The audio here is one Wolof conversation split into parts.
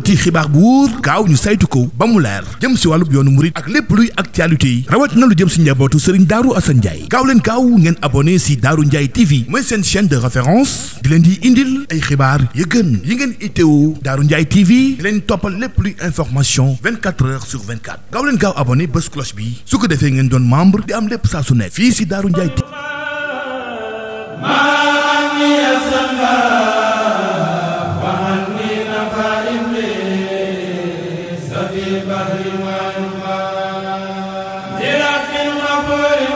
ci xibaar bu wóor gaaw ñu saytu ko ba mu leer jëm si wàllub yoonu murit ak lépp luy actualité yi rawat na lu jëm si njabootu sëriñ Daaru Asan Njaay gaaw leen gaaw ngeen abonné si Daaru Njaay TV mooy seen chaîne de référence di leen di indil ay xibaar yu gën yi ngeen itteewu Daaru Njaay TV di leen toppal lépp luy information 24 heures sur 24 gaaw leen gaaw abonné bés cloche bi su ko defee ngeen doon membre di am lépp saa su ne fii si Daaru Njaay TV Comfort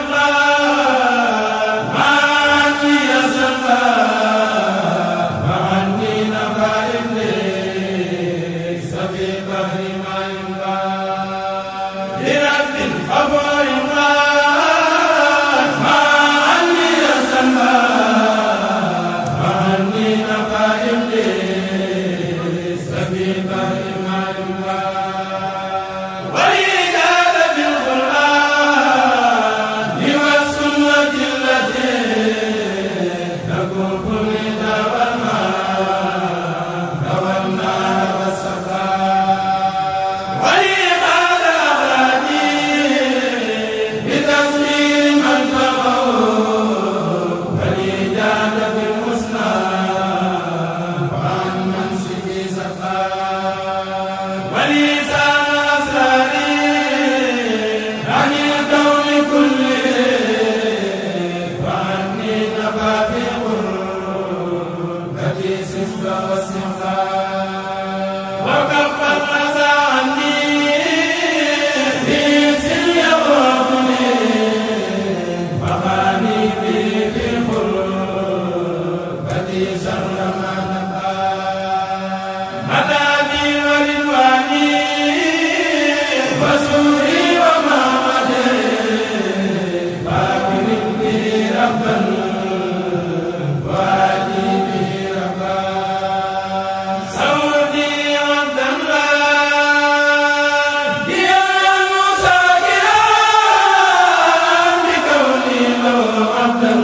of the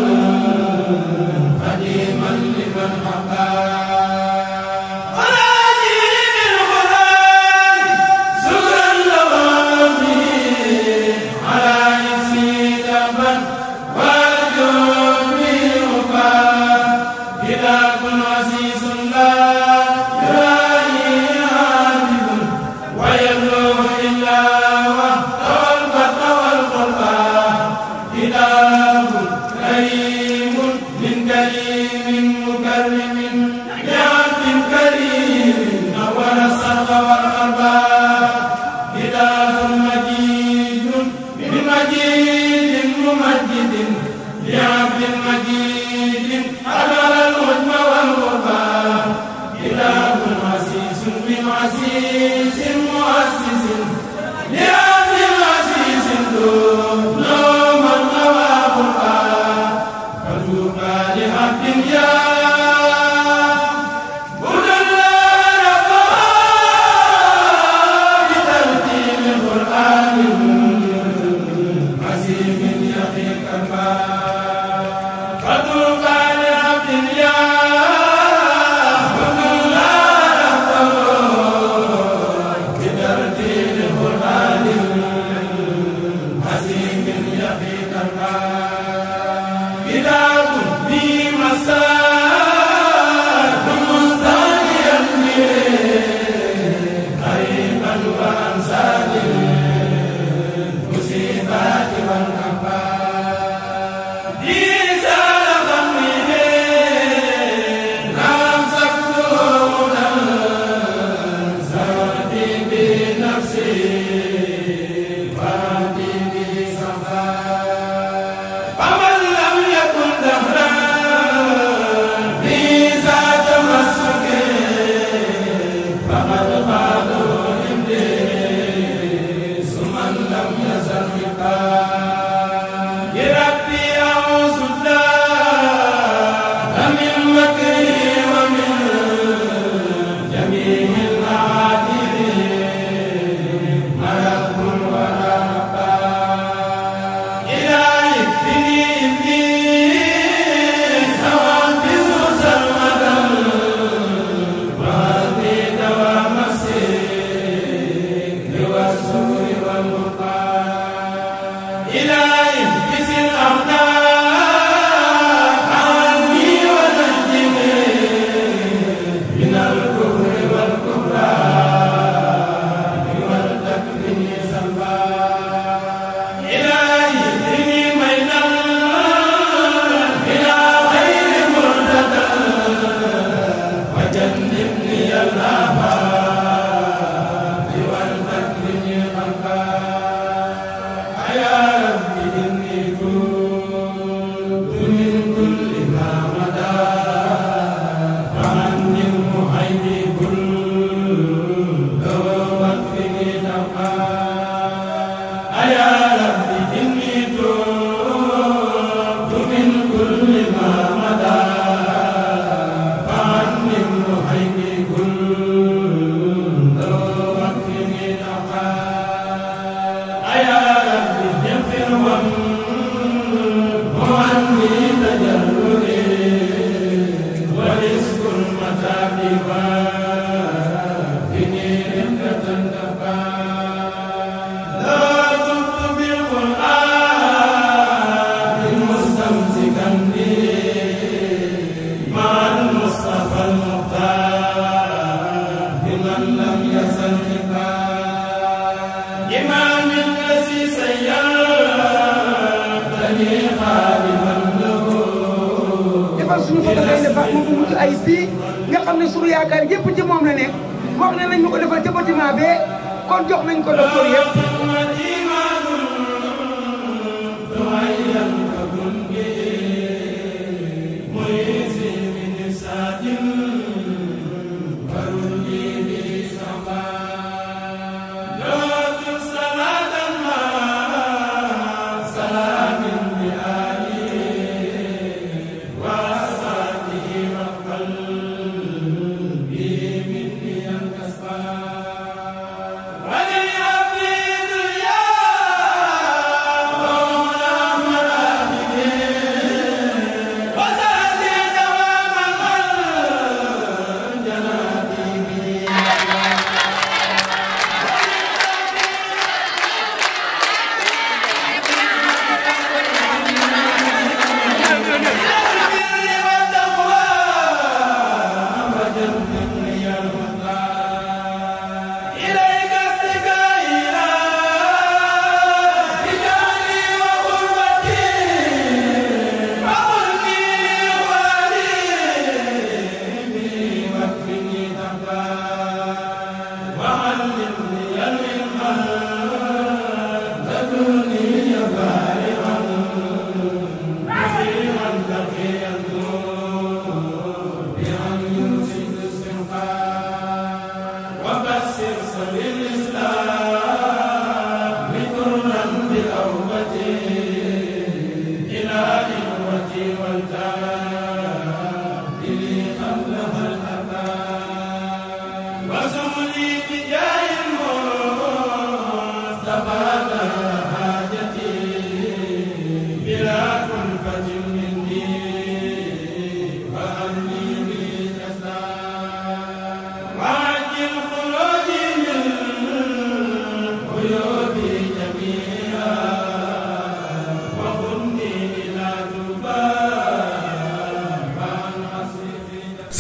من مكرم van ay si nga xam ne suñu yaakaar yëpp ci moom la nekk wax ne nañ ñu ko defal ca bâtiment bee kon jox nañ ko docteur yëpp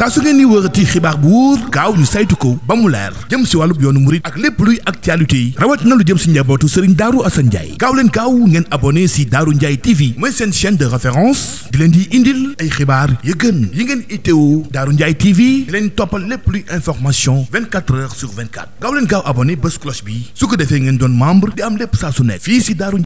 saa su ngeen di wërati xibaar bu wóor gaaw ñu saytu ko ba mu leer jëm si wàllub yoonu murit ak lépp luy actualité yi rawat na lu jëm si njabootu sëriñ Daaru Asan Njaay gaaw leen gaaw ngeen abonné si Daaru Njaay TV mooy seen chaîne de référence di leen di indil ay xibaar yu gën yi ngeen itteewu Daaru Njaay TV di leen toppal lépp luy information heures sur 24 gaaw abonné bés cloche bi su ko defee ngeen doon membre di am lépp saa su nekk fii si Daaru